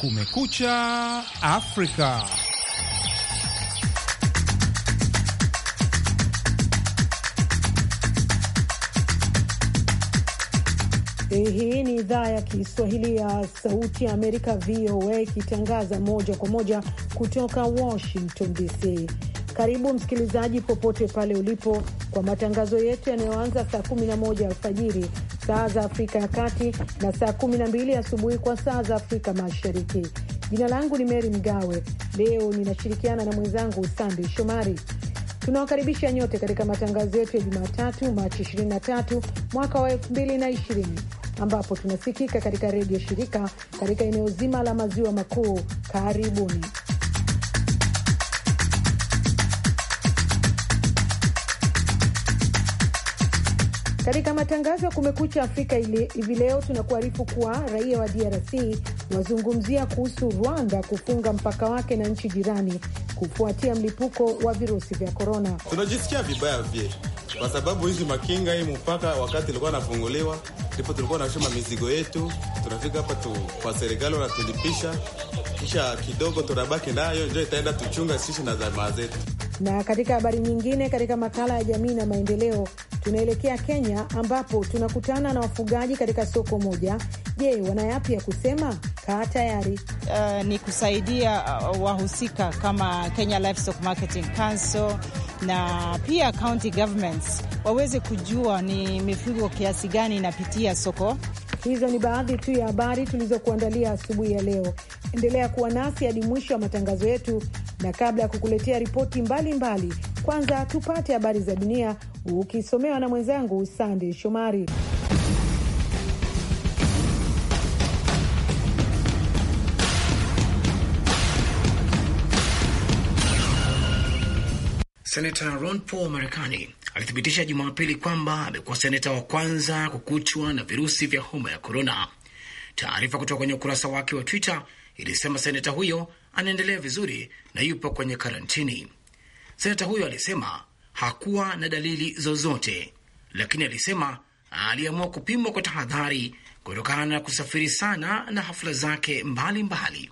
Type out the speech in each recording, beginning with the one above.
Kumekucha Afrika. Hii ni idhaa ya Kiswahili ya Sauti ya Amerika, VOA, ikitangaza moja kwa moja kutoka Washington DC. Karibu msikilizaji, popote pale ulipo, kwa matangazo yetu yanayoanza saa 11 alfajiri saa za Afrika ya Kati na saa 12 asubuhi kwa saa za Afrika Mashariki. Jina langu ni Meri Mgawe. Leo ninashirikiana na mwenzangu Sandey Shomari. Tunawakaribisha nyote katika matangazo yetu ya Jumatatu, Machi 23 mwaka wa 2020 ambapo tunasikika katika redio shirika katika eneo zima la maziwa makuu. Karibuni. Katika matangazo ya Kumekucha Afrika hivi leo, tunakuarifu kuwa raia wa DRC wazungumzia kuhusu Rwanda kufunga mpaka wake na nchi jirani kufuatia mlipuko wa virusi vya korona. Tunajisikia vibaya vye kwa sababu hizi makinga hii mpaka wakati ilikuwa nafunguliwa ndipo tulikuwa nashuma mizigo yetu, tunafika hapa tu kwa serikali wanatulipisha, kisha kidogo tunabaki nayo, ndio itaenda tuchunga sisi na jamaa zetu. Na katika habari nyingine, katika makala ya jamii na maendeleo tunaelekea Kenya ambapo tunakutana na wafugaji katika soko moja. Je, yapi ya kusema? Kaa tayari. Uh, ni kusaidia uh, wahusika kama Kenya Livestock Marketing Council na pia county governments waweze kujua ni mifugo kiasi gani inapitia soko Hizo ni baadhi tu ya habari tulizokuandalia asubuhi ya leo. Endelea kuwa nasi hadi mwisho wa matangazo yetu, na kabla ya kukuletea ripoti mbalimbali, kwanza tupate habari za dunia ukisomewa na mwenzangu sandey Shomari. Senata Ron Paul wa Marekani alithibitisha Jumapili kwamba amekuwa seneta wa kwanza kukutwa na virusi vya homa ya korona. Taarifa kutoka kwenye ukurasa wake wa Twitter ilisema seneta huyo anaendelea vizuri na yupo kwenye karantini. Seneta huyo alisema hakuwa na dalili zozote, lakini alisema aliamua kupimwa kwa tahadhari kutokana na kusafiri sana na hafla zake mbalimbali mbali.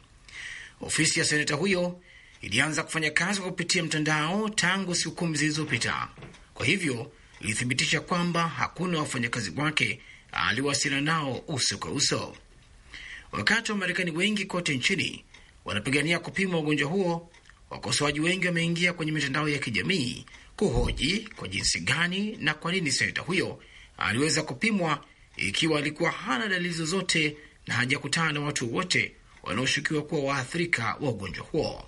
Ofisi ya seneta huyo ilianza kufanya kazi kwa kupitia mtandao tangu siku kumi zilizopita. Kwa hivyo ilithibitisha kwamba hakuna wafanyakazi wake aliwasiliana nao uso kwa uso. Wakati wa Marekani wengi kote nchini wanapigania kupima ugonjwa huo, wakosoaji wengi wameingia kwenye mitandao ya kijamii kuhoji kwa jinsi gani na kwa nini seneta huyo aliweza kupimwa ikiwa alikuwa hana dalili zozote na hajakutana na watu wote wanaoshukiwa kuwa waathirika wa ugonjwa huo.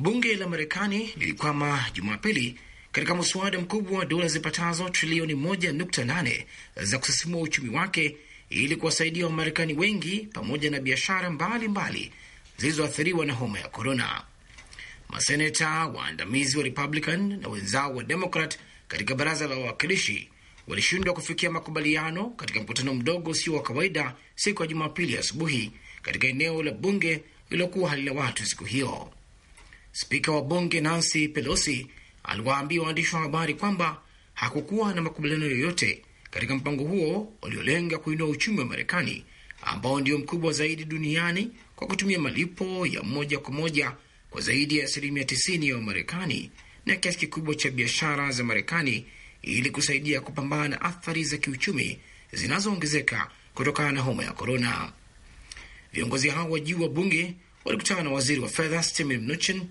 Bunge la Marekani lilikwama Jumapili katika mswada mkubwa wa dola zipatazo trilioni 1.8 za kusisimua uchumi wake ili kuwasaidia Wamarekani wengi pamoja na biashara mbalimbali zilizoathiriwa na homa ya korona. Maseneta waandamizi wa Republican na wenzao wa Demokrat katika baraza la wawakilishi walishindwa kufikia makubaliano katika mkutano mdogo usio wa kawaida siku ya Jumapili asubuhi katika eneo la bunge lililokuwa halina watu siku hiyo. Spika wa bunge Nancy Pelosi aliwaambia waandishi wa habari kwamba hakukuwa na makubaliano yoyote katika mpango huo uliolenga kuinua uchumi wa Marekani ambao ndio mkubwa zaidi duniani kwa kutumia malipo ya moja kwa moja kwa zaidi ya asilimia 90 ya Wamarekani na kiasi kikubwa cha biashara za Marekani ili kusaidia kupambana na athari za kiuchumi zinazoongezeka kutokana na homa ya korona. Viongozi hao wa juu wa bunge walikutana na waziri wa fedha Steven Mnuchin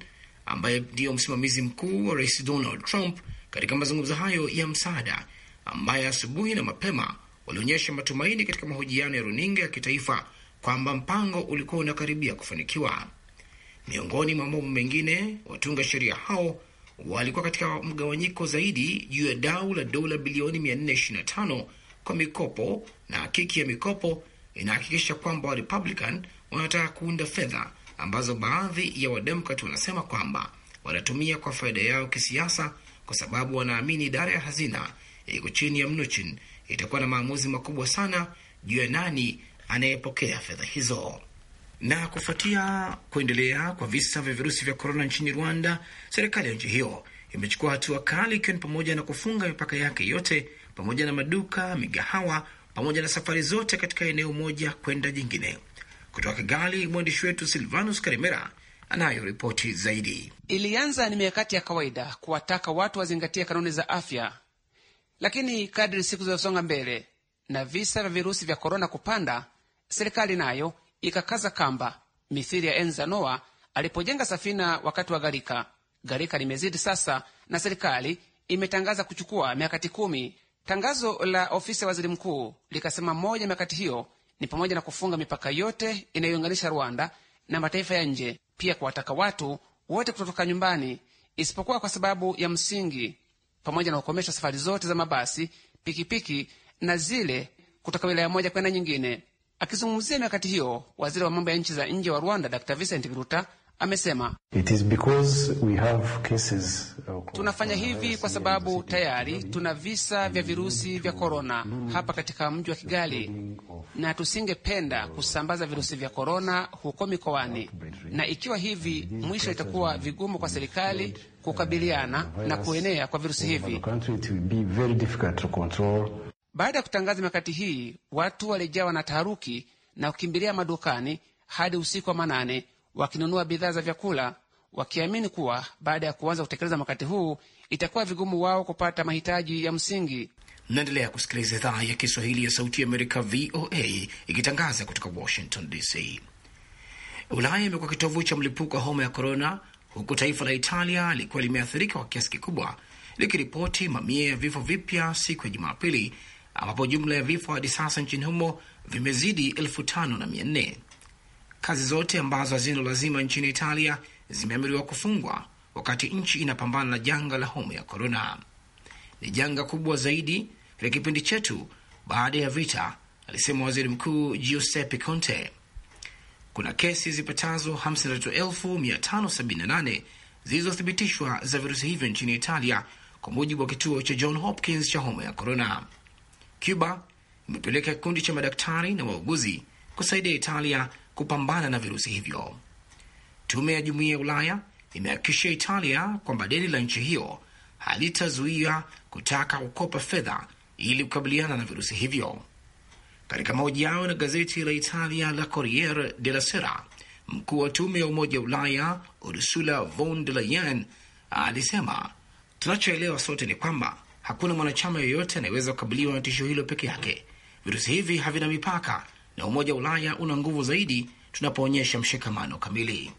ambaye ndiyo msimamizi mkuu wa rais Donald Trump katika mazungumzo hayo ya msaada, ambaye asubuhi na mapema walionyesha matumaini katika mahojiano ya runinga ya kitaifa kwamba mpango ulikuwa unakaribia kufanikiwa. Miongoni mwa mambo mengine, watunga sheria hao walikuwa katika mgawanyiko zaidi juu ya dau la dola bilioni 425 kwa mikopo na hakiki ya mikopo inahakikisha kwamba Warepublican wanataka kuunda fedha ambazo baadhi ya wademokrati wanasema kwamba wanatumia kwa faida yao kisiasa, kwa sababu wanaamini idara ya hazina iko chini ya Mnuchin itakuwa na maamuzi makubwa sana juu ya nani anayepokea fedha hizo. Na kufuatia kuendelea kwa visa vya virusi vya korona nchini Rwanda, serikali ya nchi hiyo imechukua hatua kali, ikiwa ni pamoja na kufunga mipaka yake yote pamoja na maduka, migahawa pamoja na safari zote katika eneo moja kwenda jingine. Kutoka Kigali, mwandishi wetu Silvanus Karimera anayo ripoti zaidi. Ilianza ni mikakati ya kawaida kuwataka watu wazingatie kanuni za afya, lakini kadri siku zilizosonga mbele na visa vya virusi vya korona kupanda, serikali nayo ikakaza kamba, mithili ya enzi za Noa alipojenga safina wakati wa gharika. Gharika limezidi sasa, na serikali imetangaza kuchukua mikakati kumi. Tangazo la ofisi ya waziri mkuu likasema moja miakati mikakati hiyo ni pamoja na kufunga mipaka yote inayounganisha Rwanda na mataifa ya nje, pia kuwataka watu wote kutotoka nyumbani isipokuwa kwa sababu ya msingi, pamoja na kukomesha safari zote za mabasi, pikipiki piki, na zile kutoka wilaya moja kwenda nyingine. Akizungumzia mikakati hiyo, waziri wa mambo ya nchi za nje wa Rwanda Dr Vincent Biruta Amesema It is because we have cases, uh, tunafanya hivi kwa sababu tayari tuna visa vya virusi vya korona hapa katika mji wa Kigali, na tusingependa kusambaza virusi vya korona huko mikoani, na ikiwa hivi, mwisho itakuwa vigumu kwa serikali kukabiliana na kuenea kwa virusi hivi. Baada ya kutangaza mikakati hii, watu walijawa na taharuki na kukimbilia madukani hadi usiku wa manane wakinunua bidhaa za vyakula wakiamini kuwa baada ya kuanza kutekeleza mkakati huu itakuwa vigumu wao kupata mahitaji ya msingi. Naendelea kusikiliza idhaa ya Kiswahili ya Sauti ya Amerika, VOA, ikitangaza kutoka Washington DC. Ulaya imekuwa kitovu cha mlipuko wa homa ya korona, huku taifa la Italia likiwa limeathirika kwa kiasi kikubwa, likiripoti mamia ya vifo vipya siku ya Jumapili, ambapo jumla ya vifo hadi sasa nchini humo vimezidi elfu tano na mia nne. Kazi zote ambazo hazina lazima nchini Italia zimeamiriwa kufungwa wakati nchi inapambana na janga la homa ya korona. Ni janga kubwa zaidi katika kipindi chetu baada ya vita, alisema waziri mkuu Giuseppe Conte. Kuna kesi zipatazo 53578 zilizothibitishwa za virusi hivyo nchini Italia, kwa mujibu wa kituo cha John Hopkins cha homa ya korona. Cuba imepeleka kikundi cha madaktari na wauguzi kusaidia Italia kupambana na virusi hivyo. Tume ya Jumuiya ya Ulaya imehakikishia Italia kwamba deni la nchi hiyo halitazuia kutaka kukopa fedha ili kukabiliana na virusi hivyo. Katika mahojiano na gazeti la Italia la Corriere della Sera, mkuu wa tume ya Umoja wa Ulaya Ursula von der Leyen alisema, tunachoelewa sote ni kwamba hakuna mwanachama yoyote anayeweza kukabiliwa na tishio hilo peke yake. Virusi hivi havina mipaka na Umoja wa Ulaya una nguvu zaidi tunapoonyesha mshikamano kamili.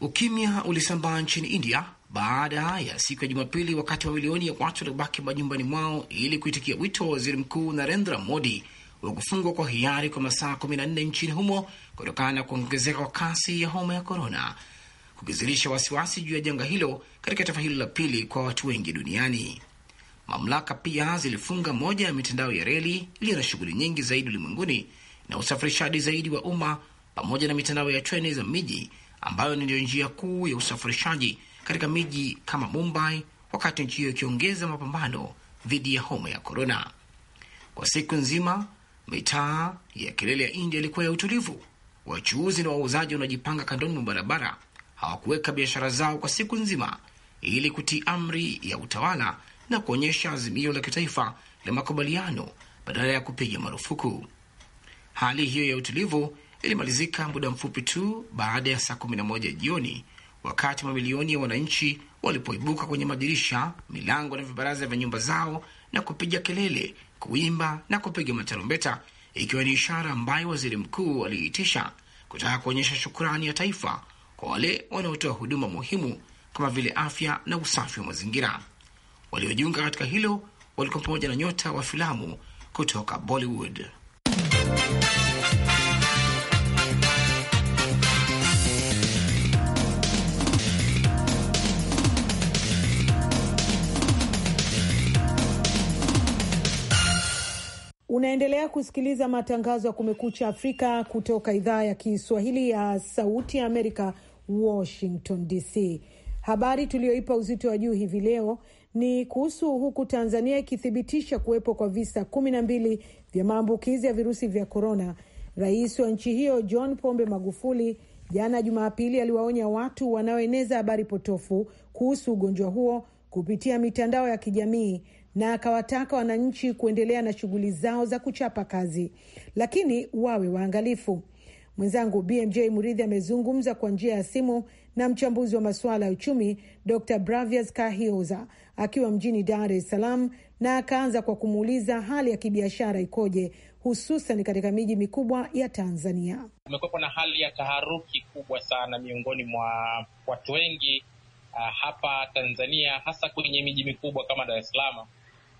Ukimya ulisambaa nchini India baada ya siku ya Jumapili, wakati mamilioni ya watu walibaki majumbani mwao ili kuitikia wito wa waziri mkuu Narendra Modi wa kufungwa kwa hiari kwa masaa 14 nchini humo kutokana na kuongezeka kwa kasi ya homa ya korona, kukizilisha wasiwasi juu ya janga hilo katika taifa hilo la pili kwa watu wengi duniani. Mamlaka pia zilifunga moja ya mitandao ya reli iliyo na shughuli nyingi zaidi ulimwenguni na usafirishaji zaidi wa umma pamoja na mitandao ya treni za miji ambayo ndiyo njia kuu ya usafirishaji katika miji kama Mumbai, wakati nchi hiyo ikiongeza mapambano dhidi ya homa ya korona. Kwa siku nzima, mitaa ya kelele ya India ilikuwa ya utulivu. Wachuuzi na wauzaji wanaojipanga kandoni mwa barabara hawakuweka biashara zao kwa siku nzima ili kutii amri ya utawala na kuonyesha azimio la kitaifa la makubaliano badala ya kupiga marufuku. Hali hiyo ya utulivu ilimalizika muda mfupi tu baada ya saa moja jioni, wakati mamilioni ya wananchi walipoibuka kwenye madirisha, milango na vibaraza vya nyumba zao na kupiga kelele, kuimba na kupiga matarumbeta, ikiwa ni ishara ambayo waziri mkuu aliitisha kutaka kuonyesha shukurani ya taifa kwa wale wanaotoa huduma muhimu kama vile afya na usafi wa mazingira. Waliojiunga katika hilo walikuwa pamoja na nyota wa filamu kutoka Bollywood. Unaendelea kusikiliza matangazo ya Kumekucha Afrika kutoka idhaa ya Kiswahili ya Sauti ya Amerika, Washington DC. Habari tuliyoipa uzito wa juu hivi leo ni kuhusu huku Tanzania ikithibitisha kuwepo kwa visa kumi na mbili vya maambukizi ya virusi vya korona. Rais wa nchi hiyo John Pombe Magufuli jana Jumapili aliwaonya watu wanaoeneza habari potofu kuhusu ugonjwa huo kupitia mitandao ya kijamii na akawataka wananchi kuendelea na shughuli zao za kuchapa kazi, lakini wawe waangalifu. Mwenzangu BMJ Muridhi amezungumza kwa njia ya simu na mchambuzi wa masuala ya uchumi Dr Bravias Kahioza akiwa mjini Dar es Salaam na akaanza kwa kumuuliza hali ya kibiashara ikoje hususan katika miji mikubwa ya Tanzania. Kumekuwepo na hali ya taharuki kubwa sana miongoni mwa watu wengi uh, hapa Tanzania, hasa kwenye miji mikubwa kama Dar es Salaam,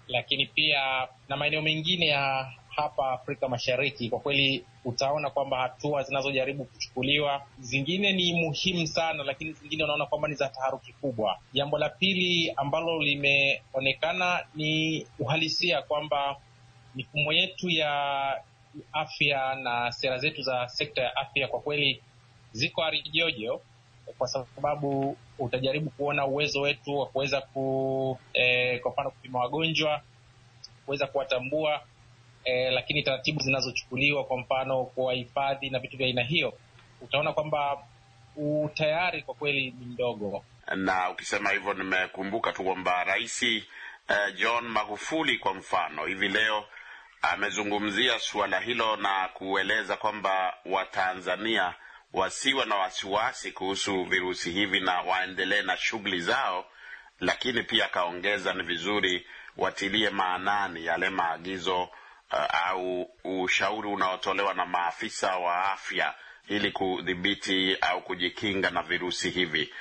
lakini pia na maeneo mengine ya hapa Afrika Mashariki. Kwa kweli utaona kwamba hatua zinazojaribu kuchukuliwa zingine ni muhimu sana, lakini zingine unaona kwamba ni za taharuki kubwa. Jambo la pili ambalo limeonekana ni uhalisia kwamba mifumo yetu ya afya na sera zetu za sekta ya afya kwa kweli ziko arijojo, kwa sababu utajaribu kuona uwezo wetu wa kuweza ku, eh, kwa mfano kupima wagonjwa, kuweza kuwatambua e, lakini taratibu zinazochukuliwa kwa mfano kuwahifadhi na vitu vya aina hiyo, utaona kwamba utayari kwa kweli ni mdogo. Na ukisema hivyo, nimekumbuka tu kwamba Rais eh, John Magufuli kwa mfano hivi leo amezungumzia suala hilo na kueleza kwamba Watanzania wasiwe na wasiwasi kuhusu virusi hivi na waendelee na shughuli zao, lakini pia akaongeza ni vizuri watilie maanani yale maagizo Uh, au ushauri unaotolewa na maafisa wa afya ili kudhibiti au kujikinga na virusi hivi.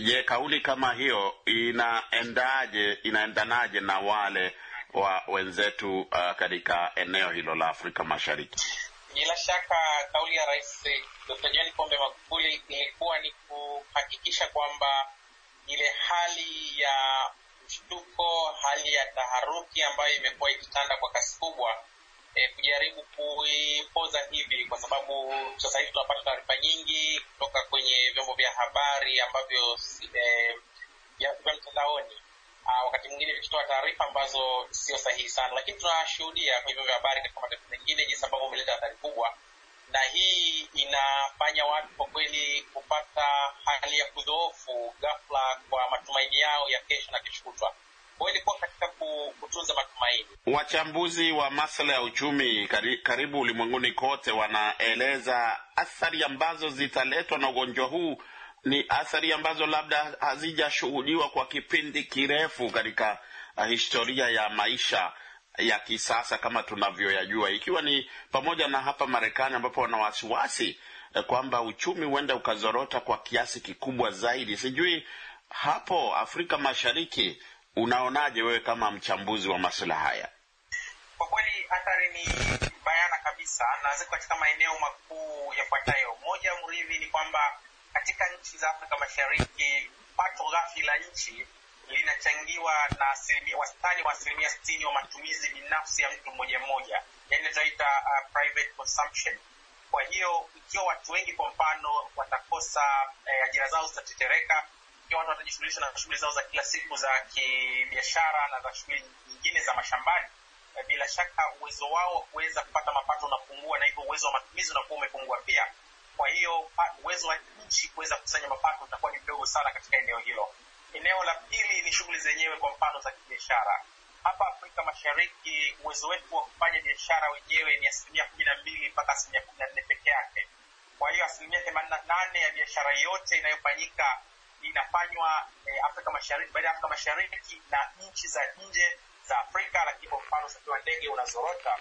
Je, kauli kama hiyo inaendaje, inaendanaje na wale wa wenzetu uh, katika eneo hilo la Afrika Mashariki? Bila shaka kauli ya Rais eh, Dr. John Pombe Magufuli ilikuwa ni kuhakikisha kwamba ile hali ya mshtuko, hali ya taharuki ambayo imekuwa ikitanda kwa kasi kubwa, e, kujaribu kuipoza hivi, kwa sababu sasa hivi tunapata taarifa nyingi kutoka kwenye vyombo vya habari ambavyo e, vya mtandaoni wakati mwingine vikitoa taarifa ambazo sio sahihi sana, lakini tunashuhudia kwa hivyo vya habari katika mataifa mengine jinsi ambavyo umeleta athari kubwa na hii inafanya watu kwa kweli kupata hali ya kudhoofu ghafla kwa matumaini yao ya kesho na kesho kutwa hiyo ilikuwa katika kutunza matumaini. Wachambuzi wa masuala ya uchumi karibu ulimwenguni kote wanaeleza athari ambazo zitaletwa na ugonjwa huu ni athari ambazo labda hazijashuhudiwa kwa kipindi kirefu katika uh, historia ya maisha ya kisasa kama tunavyoyajua, ikiwa ni pamoja na hapa Marekani ambapo wana wasiwasi eh, kwamba uchumi huenda ukazorota kwa kiasi kikubwa zaidi. Sijui hapo Afrika Mashariki unaonaje wewe kama mchambuzi wa masuala haya? Kwa kweli athari ni bayana kabisa, na ziko katika maeneo makuu yafuatayo. Moja mridhi ni kwamba katika nchi za Afrika Mashariki pato ghafi la nchi linachangiwa na asilimia wastani wa asilimia sitini wa matumizi binafsi ya mtu mmoja mmoja, yani tunaita uh, private consumption. Kwa hiyo ikiwa watu wengi kwa mfano watakosa eh, ajira zao zitatetereka, ikiwa watu watajishughulisha na shughuli zao za kila siku za kibiashara na za shughuli nyingine za mashambani eh, bila shaka uwezo wao wa kuweza kupata mapato unapungua, na hivyo uwezo wa matumizi unakuwa umepungua pia. Kwa hiyo uwezo wa nchi kuweza kukusanya mapato utakuwa ni mdogo sana katika eneo hilo. Eneo la pili ni shughuli zenyewe, kwa mfano za kibiashara. Hapa Afrika Mashariki uwezo wetu wa kufanya biashara wenyewe ni asilimia kumi na mbili mpaka asilimia kumi na nne peke yake. Kwa hiyo asilimia themanini na nane ya biashara yote inayofanyika inafanywa eh, Afrika Mashariki, baada ya Afrika Mashariki na nchi za nje za Afrika. Lakini kwa mfano usafiri wa ndege unazorota,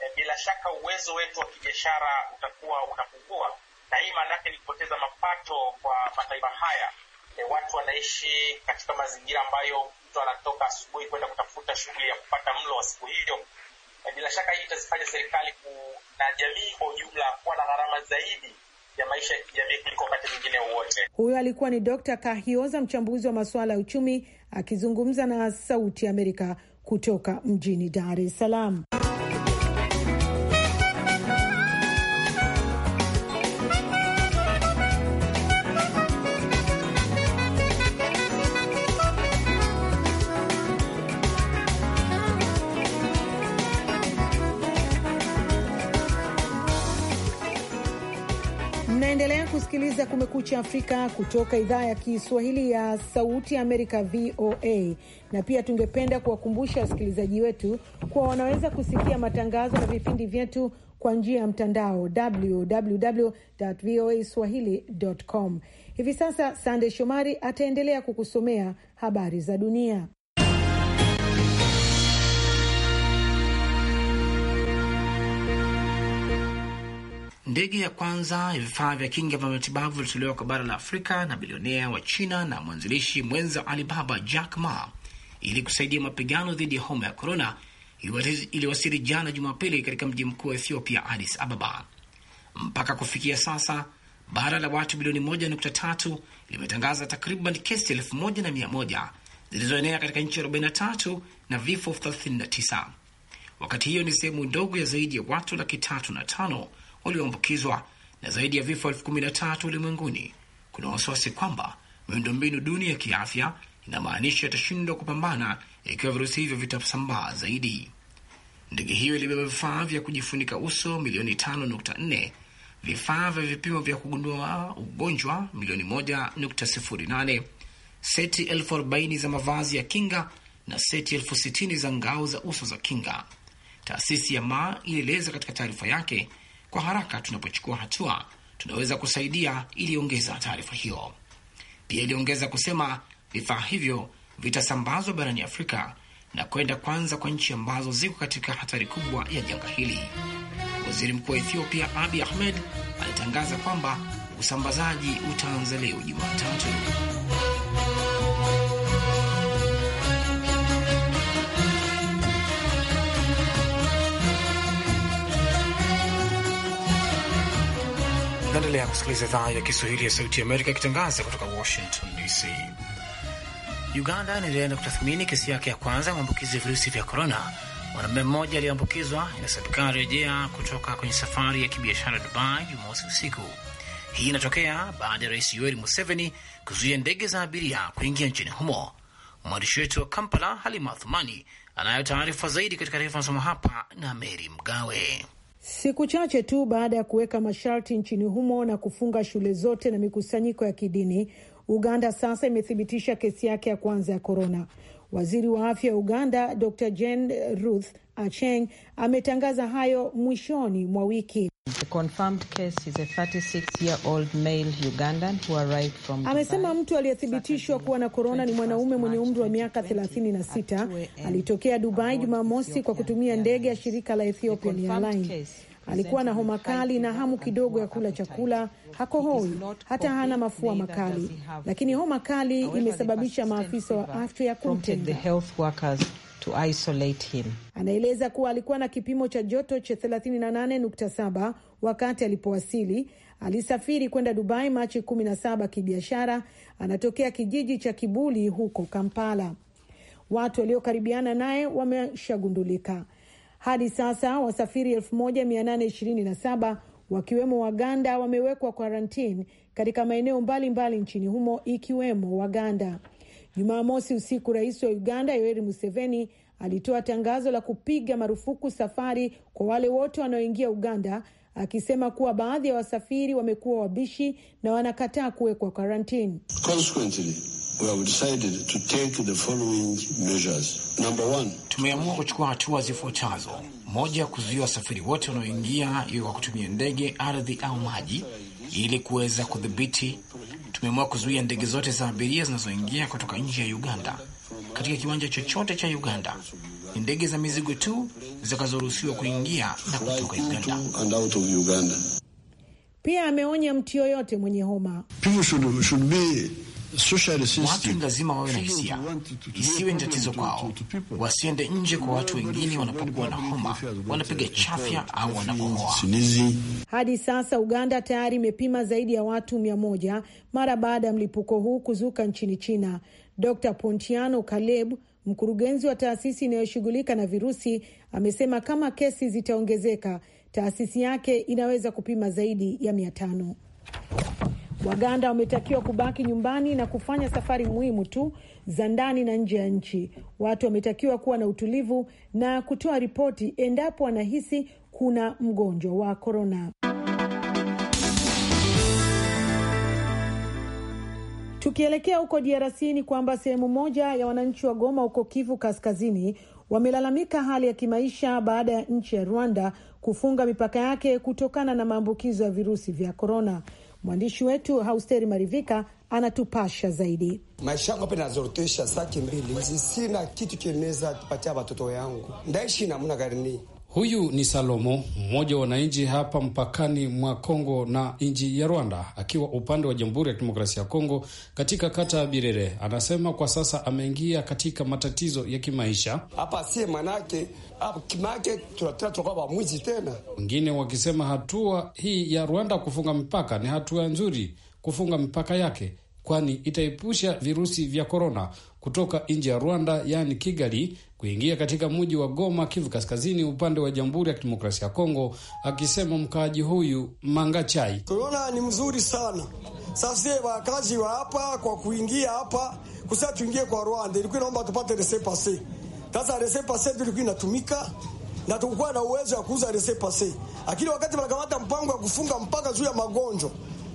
eh, bila shaka uwezo wetu wa kibiashara utakuwa unapungua, na hii maana yake ni kupoteza mapato kwa mataifa haya e, watu wanaishi katika mazingira ambayo mtu anatoka asubuhi kwenda kutafuta shughuli ya kupata mlo wa siku hiyo. E, bila shaka hii itazifanya serikali na jamii kwa ujumla kuwa na gharama zaidi ya maisha ya kijamii kuliko wakati mwingine wowote. Huyo alikuwa ni Dr. Kahioza, mchambuzi wa masuala ya uchumi akizungumza na Sauti ya Amerika kutoka mjini Dar es Salaam. kusikiliza Kumekucha Afrika kutoka idhaa ya Kiswahili ya Sauti ya Amerika, VOA. Na pia tungependa kuwakumbusha wasikilizaji wetu kuwa wanaweza kusikia matangazo na vipindi vyetu kwa njia ya mtandao www.voaswahili.com. Hivi sasa Sande Shomari ataendelea kukusomea habari za dunia. Ndege ya kwanza ya vifaa vya kinga vya matibabu vilitolewa kwa bara la Afrika na bilionea wa China na mwanzilishi mwenza Alibaba Jack Ma ili kusaidia mapigano dhidi ya homa ya korona iliwasili jana Jumapili katika mji mkuu wa Ethiopia, Addis Ababa. Mpaka kufikia sasa bara la watu bilioni 1.3 limetangaza takriban kesi 1100 zilizoenea katika nchi 43 na vifo 39. Wakati hiyo ni sehemu ndogo ya zaidi ya watu laki tatu na tano walioambukizwa na zaidi ya vifo elfu kumi na tatu ulimwenguni, kuna wasiwasi kwamba miundombinu duni ya kiafya inamaanisha itashindwa kupambana ikiwa virusi hivyo vitasambaa zaidi. Ndege hiyo ilibeba vifaa vya kujifunika uso milioni 5.4, vifaa vya vipimo vya kugundua ugonjwa milioni 1.08, seti elfu arobaini za mavazi ya kinga na seti elfu sitini za ngao za uso za kinga. Taasisi ya ma ilieleza katika taarifa yake kwa haraka tunapochukua hatua, tunaweza kusaidia, iliongeza taarifa hiyo. Pia iliongeza kusema vifaa hivyo vitasambazwa barani Afrika na kwenda kwanza kwa nchi ambazo ziko katika hatari kubwa ya janga hili. Waziri Mkuu wa Ethiopia Abiy Ahmed alitangaza kwamba usambazaji utaanza leo Jumatatu. Unaendelea kusikiliza idhaa ya Kiswahili ya Sauti ya Amerika ikitangaza kutoka Washington DC. Uganda inaendelea kutathmini kesi yake ya kwanza ya maambukizi ya virusi vya korona. Mwanamume mmoja aliyeambukizwa inasemekana rejea kutoka kwenye safari ya kibiashara Dubai Jumamosi usiku. Hii inatokea baada ya Rais Yoweri Museveni kuzuia ndege za abiria kuingia nchini humo. Mwandishi wetu wa Kampala, Halima Athumani, anayo taarifa zaidi katika taarifa nasoma hapa na Meri Mgawe. Siku chache tu baada ya kuweka masharti nchini humo na kufunga shule zote na mikusanyiko ya kidini, Uganda sasa imethibitisha kesi yake ya kwanza ya korona. Waziri wa afya wa Uganda Dr Jane Ruth Acheng ah, ametangaza hayo mwishoni mwa wiki. Amesema mtu aliyethibitishwa kuwa na korona ni mwanaume mwenye umri wa miaka 36 alitokea Dubai Jumamosi kwa kutumia ndege ya shirika la Ethiopian Airlines. Alikuwa na homa kali na hamu kidogo ya kula chakula, hakohoi hata hana mafua makali, lakini homa kali imesababisha maafisa wa afya kumtenga to isolate him. Anaeleza kuwa alikuwa na kipimo cha joto cha 38.7 wakati alipowasili. Alisafiri kwenda Dubai Machi 17 kibiashara. Anatokea kijiji cha Kibuli huko Kampala. Watu waliokaribiana naye wameshagundulika. Hadi sasa wasafiri 1827 wakiwemo Waganda wamewekwa karantini katika maeneo mbalimbali nchini humo ikiwemo Waganda. Jumamosi usiku rais wa Uganda Yoweri Museveni alitoa tangazo la kupiga marufuku safari kwa wale wote wanaoingia Uganda, akisema kuwa baadhi ya wasafiri wamekuwa wabishi na wanakataa kuwekwa karantini. Tumeamua kuchukua hatua zifuatazo: moja, kuzuia wasafiri wote wanaoingia iwe kwa kutumia ndege, ardhi au maji, ili kuweza kudhibiti tumeamua kuzuia ndege zote za abiria zinazoingia kutoka nje ya Uganda katika kiwanja chochote cha Uganda. Ni ndege za mizigo tu zitakazoruhusiwa kuingia na kutoka Uganda. Pia ameonya mtu yoyote mwenye homa should, should be Watu lazima wawe na hisia, isiwe ni tatizo kwao, wasiende nje kwa watu wengine wanapokuwa na homa, wanapiga chafya au wanakohoa. Hadi sasa Uganda tayari imepima zaidi ya watu mia moja mara baada ya mlipuko huu kuzuka nchini China. Dr Pontiano Kaleb, mkurugenzi wa taasisi inayoshughulika na virusi, amesema kama kesi zitaongezeka, taasisi yake inaweza kupima zaidi ya mia tano. Waganda wametakiwa kubaki nyumbani na kufanya safari muhimu tu za ndani na nje ya nchi. Watu wametakiwa kuwa na utulivu na kutoa ripoti endapo wanahisi kuna mgonjwa wa korona. Tukielekea huko DRC ni kwamba sehemu moja ya wananchi wa Goma huko Kivu Kaskazini wamelalamika hali ya kimaisha baada ya nchi ya Rwanda kufunga mipaka yake kutokana na maambukizo ya virusi vya korona. Mwandishi wetu Hausteri Marivika anatupasha zaidi. maisha yangu hapa nazorotesha saki mbili zisina kitu keneza kipatia watoto yangu ndaishi namna gani? Huyu ni Salomo, mmoja wa wananchi hapa mpakani mwa Kongo na nchi ya Rwanda, akiwa upande wa Jamhuri ya Kidemokrasia ya Kongo katika kata ya Birere. Anasema kwa sasa ameingia katika matatizo ya kimaisha hapa, si manake kimake tunataka tunakuwa wamwizi tena. Wengine wakisema hatua hii ya Rwanda kufunga mipaka ni hatua nzuri, kufunga mipaka yake kwani itaepusha virusi vya korona kutoka nje ya Rwanda, yaani Kigali kuingia katika mji wa Goma, Kivu Kaskazini, upande wa Jamhuri ya Kidemokrasia ya Kongo, akisema mkaaji huyu Mangachai. Tunaona ni mzuri sana sasa wakazi wa hapa kwa kuingia hapa kusema tuingie kwa Rwanda, ilikuwa inaomba tupate rese pase. Sasa rese pase ndio ilikuwa inatumika na tulikuwa na uwezo wa kuuza rese pase, lakini wakati wanakamata mpango wa kufunga mpaka juu ya magonjwa,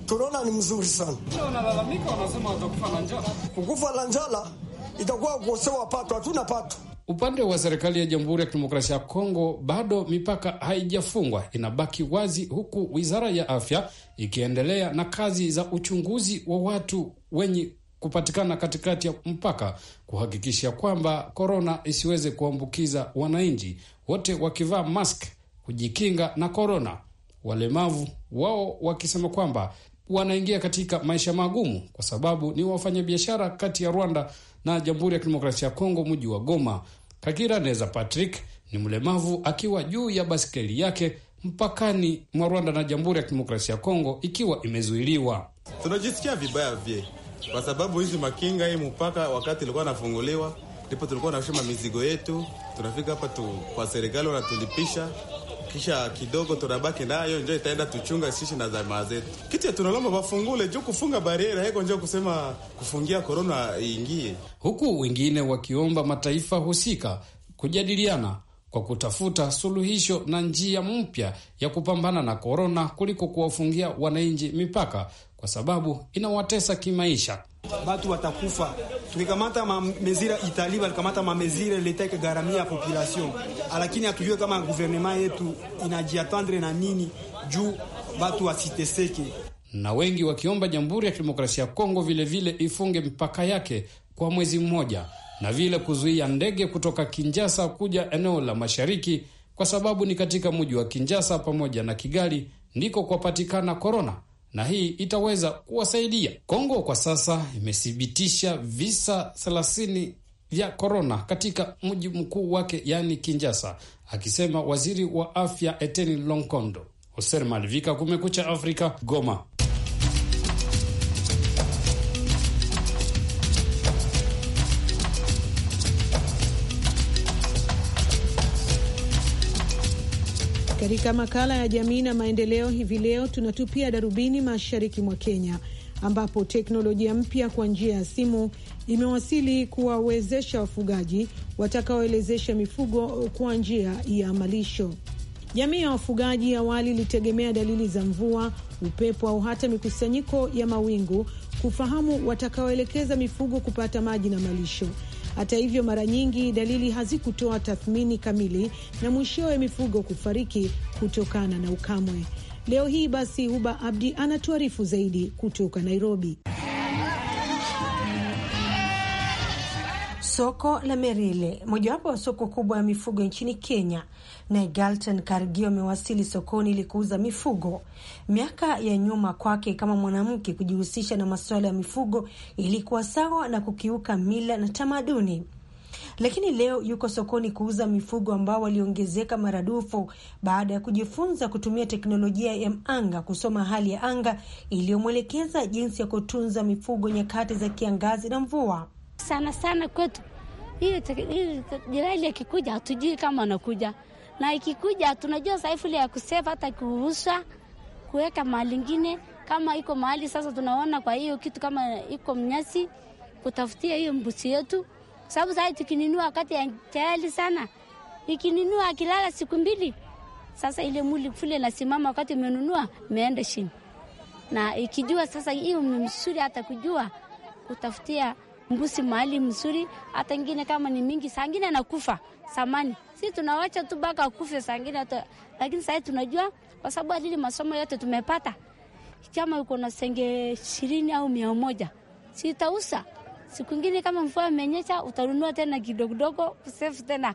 tunaona ni mzuri sana. Wanalalamika, wanasema watakufa na njala. Kukufa na njala itakuwa kukosewa pato, hatuna pato Upande wa serikali ya Jamhuri ya Kidemokrasia ya Kongo bado mipaka haijafungwa, inabaki wazi, huku wizara ya afya ikiendelea na kazi za uchunguzi wa watu wenye kupatikana katikati ya mpaka kuhakikisha kwamba korona isiweze kuambukiza wananchi wote, wakivaa mask kujikinga na korona, walemavu wao wakisema kwamba wanaingia katika maisha magumu, kwa sababu ni wafanyabiashara kati ya Rwanda na Jamhuri ya Kidemokrasia ya Kongo, mji wa Goma. Kakira Neza Patrick ni mlemavu akiwa juu ya baskeli yake mpakani mwa Rwanda na Jamhuri ya Kidemokrasia ya Kongo ikiwa imezuiliwa. Tunajisikia vibaya vye kwa sababu hizi makinga hii mpaka wakati ilikuwa nafunguliwa ndipo tulikuwa nashima mizigo yetu, tunafika hapa tu kwa serikali wanatulipisha kisha kidogo tunabaki nayo njo itaenda tuchunga sisi na jamaa zetu. Kitu tunalomba bafungule juu kufunga bariera heko njo kusema kufungia korona iingie, huku wengine wakiomba mataifa husika kujadiliana kwa kutafuta suluhisho na njia mpya ya kupambana na korona kuliko kuwafungia wananchi mipaka, kwa sababu inawatesa kimaisha batu watakufa. Tukikamata mamezira Itali balikamata mamezira leta ikagaramia population, ah, lakini hatujue kama guvernema yetu inajiatendre na nini juu batu wasiteseke, na wengi wakiomba Jamhuri ya Kidemokrasia ya Kongo vilevile ifunge mpaka yake kwa mwezi mmoja na vile kuzuia ndege kutoka Kinjasa kuja eneo la mashariki, kwa sababu ni katika mji wa Kinjasa pamoja na Kigali ndiko kwapatikana korona na hii itaweza kuwasaidia. Kongo kwa sasa imethibitisha visa thelathini vya korona katika mji mkuu wake yaani kinjasa akisema waziri wa afya Eteni Longkondo. Hoser Malivika, Kumekucha Afrika, Goma. Katika makala ya jamii na maendeleo hivi leo, tunatupia darubini mashariki mwa Kenya ambapo teknolojia mpya kwa njia ya simu imewasili kuwawezesha wafugaji watakaoelezesha mifugo kwa njia ya malisho. Jamii ya wafugaji awali ilitegemea dalili za mvua, upepo au hata mikusanyiko ya mawingu kufahamu watakaoelekeza mifugo kupata maji na malisho, hata hivyo, mara nyingi dalili hazikutoa tathmini kamili na mwishowe mifugo kufariki kutokana na ukamwe. Leo hii basi, Huba Abdi anatuarifu zaidi kutoka Nairobi. Soko la Merile, mojawapo wa soko kubwa ya mifugo nchini Kenya, naye Galton Kargio amewasili sokoni ili kuuza mifugo. Miaka ya nyuma kwake kama mwanamke kujihusisha na masuala ya mifugo ilikuwa sawa na kukiuka mila na tamaduni, lakini leo yuko sokoni kuuza mifugo ambao waliongezeka maradufu baada ya kujifunza kutumia teknolojia ya anga kusoma hali ya anga iliyomwelekeza jinsi ya kutunza mifugo nyakati za kiangazi na mvua. Sana sana kwetu jirani akikuja hatujui kama anakuja, na ikikuja tunajua saifuli ya kuseva, hata kuuza kuweka mahali ingine kama iko mahali sasa. Tunaona kwa hiyo kitu kama iko mnyasi kutafutia hiyo mbuzi yetu, sababu sasa tukininua wakati ya tayari sana, ikinunua akilala siku mbili, sasa ile muli fule nasimama wakati umenunua meenda chini, na ikijua sasa hiyo ni msuri hata kujua kutafutia mbusi mahali mzuri, hata ingine kama ni mingi, saa ingine anakufa samani, si tunawacha tu baka akufe saa ingine Lakini sasa tunajua kwa sababu alili masomo yote tumepata, kama uko na senge ishirini au mia moja sitausa siku ingine, kama mvua amenyesha utanunua tena kidogodogo kusefu tena.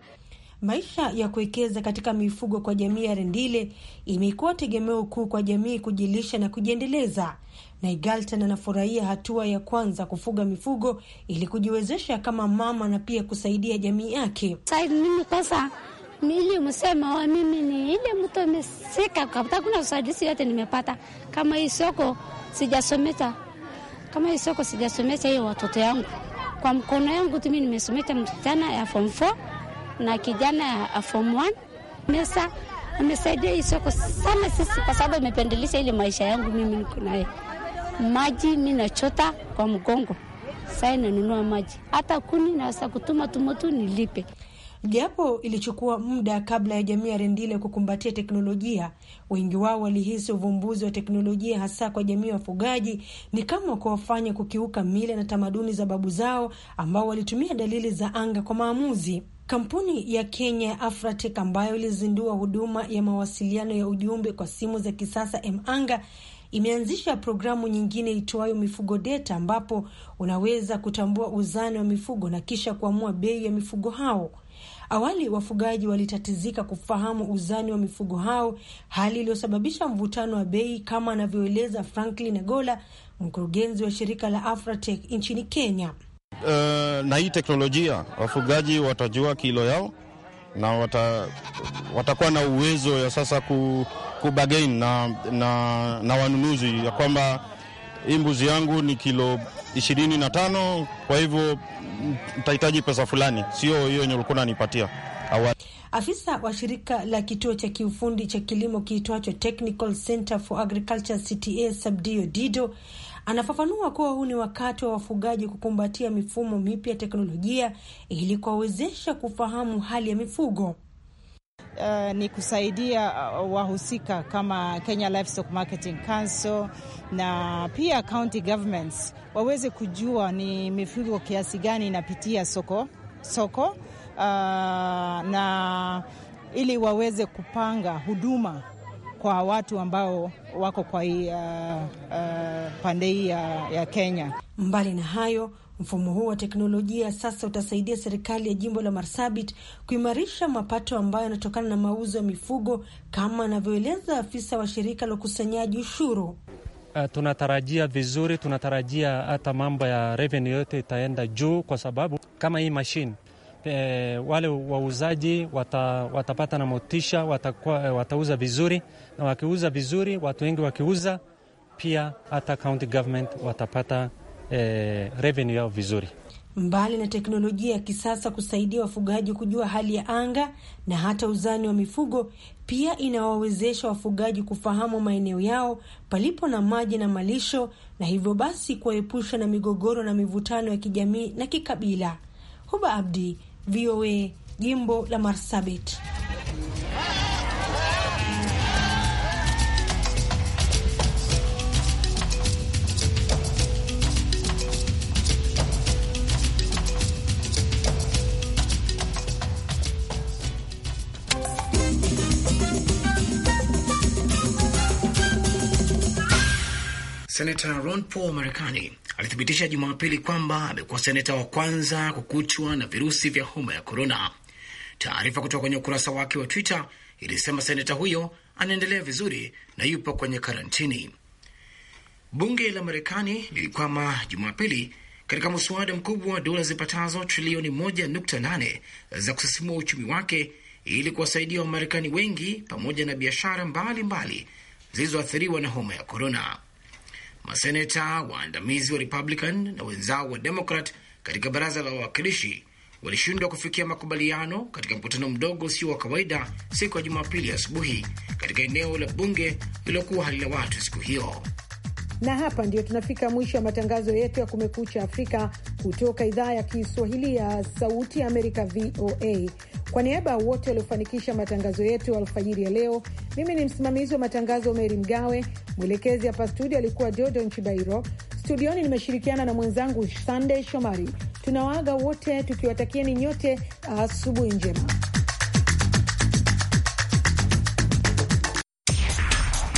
Maisha ya kuwekeza katika mifugo kwa jamii ya Rendile imekuwa tegemeo kuu kwa jamii kujilisha na kujiendeleza Naigalton anafurahia hatua ya kwanza kufuga mifugo ili kujiwezesha kama mama na pia kusaidia jamii yake. Mimi sasa mili msema wa mimi ni ile mtu amesika kapata, kuna usaidizi yote nimepata kama hii soko sijasometa, kama hii soko sijasometa hiyo watoto yangu kwa mkono yangu tu mimi nimesometa msichana ya form 4 na kijana ya form 1 mesa amesaidia hii soko sana sisi, kwa sababu imependelisha ile maisha yangu mimi niko naye maji mi nachota kwa mgongo, sai nanunua maji, hata kuni naweza kutuma tumotu nilipe. Japo ilichukua muda kabla ya jamii ya Rendile kukumbatia teknolojia, wengi wao walihisi uvumbuzi wa teknolojia hasa kwa jamii ya wafugaji ni kama kuwafanya kukiuka mila na tamaduni za babu zao ambao walitumia dalili za anga kwa maamuzi. Kampuni ya Kenya Afratek ambayo ilizindua huduma ya mawasiliano ya ujumbe kwa simu za kisasa Manga imeanzisha programu nyingine itoayo mifugo data, ambapo unaweza kutambua uzani wa mifugo na kisha kuamua bei ya mifugo hao. Awali wafugaji walitatizika kufahamu uzani wa mifugo hao, hali iliyosababisha mvutano wa bei, kama anavyoeleza Franklin Agola, mkurugenzi wa shirika la Afratek nchini Kenya. Uh, na hii teknolojia wafugaji watajua kilo yao na wata, watakuwa na uwezo ya sasa kubagain na, na, na wanunuzi ya kwamba hii mbuzi yangu ni kilo ishirini na tano, kwa hivyo ntahitaji pesa fulani, sio hiyo yenye ulikuwa unanipatia awali. Afisa wa shirika la kituo cha kiufundi cha kilimo kiitwacho Technical Center for Agriculture CTA Sabdio Dido Anafafanua kuwa huu ni wakati wa wafugaji kukumbatia mifumo mipya ya teknolojia ili kuwawezesha kufahamu hali ya mifugo. Uh, ni kusaidia uh, wahusika kama Kenya Livestock Marketing Council na pia county governments waweze kujua ni mifugo kiasi gani inapitia soko, soko uh, na ili waweze kupanga huduma kwa watu ambao wako kwa hii uh, uh, pande hii ya, ya Kenya. Mbali na hayo, mfumo huu wa teknolojia sasa utasaidia serikali ya jimbo la Marsabit kuimarisha mapato ambayo yanatokana na mauzo ya mifugo, kama anavyoeleza afisa wa shirika la ukusanyaji ushuru. Uh, tunatarajia vizuri, tunatarajia hata mambo ya revenue yote itaenda juu, kwa sababu kama hii mashine e, wale wauzaji wata, watapata na motisha watakuwa, eh, watauza vizuri, na wakiuza vizuri, watu wengi wakiuza pia hata county government watapata e, revenue yao vizuri. Mbali na teknolojia ya kisasa kusaidia wafugaji kujua hali ya anga na hata uzani wa mifugo, pia inawawezesha wafugaji kufahamu maeneo yao palipo na maji na malisho, na hivyo basi kuwaepusha na migogoro na mivutano ya kijamii na kikabila. Huba Abdi, VOA jimbo la Marsabit. Senata Ron Paul wa Marekani alithibitisha Jumapili kwamba amekuwa seneta wa kwanza kukutwa na virusi vya homa ya korona. Taarifa kutoka kwenye ukurasa wake wa Twitter ilisema seneta huyo anaendelea vizuri na yupo kwenye karantini. Bunge la Marekani lilikwama Jumapili katika mswada mkubwa wa dola zipatazo trilioni 1.8 za kusisimua uchumi wake ili kuwasaidia Wamarekani wengi pamoja na biashara mbalimbali zilizoathiriwa na homa ya korona. Maseneta waandamizi wa Republican na wenzao wa Demokrat katika baraza la wawakilishi walishindwa kufikia makubaliano katika mkutano mdogo usio wa kawaida siku ya Jumapili asubuhi katika eneo la bunge lililokuwa halila watu siku hiyo. Na hapa ndio tunafika mwisho wa matangazo yetu ya Kumekucha Afrika kutoka idhaa ya Kiswahili ya Sauti ya Amerika, VOA. Kwa niaba ya wote waliofanikisha matangazo yetu alfajiri ya leo, mimi ni msimamizi wa matangazo Meri Mgawe, mwelekezi hapa studio alikuwa Jojo Nchibairo. Studioni nimeshirikiana na mwenzangu Sandey Shomari. Tunawaaga wote tukiwatakieni nyote asubuhi njema.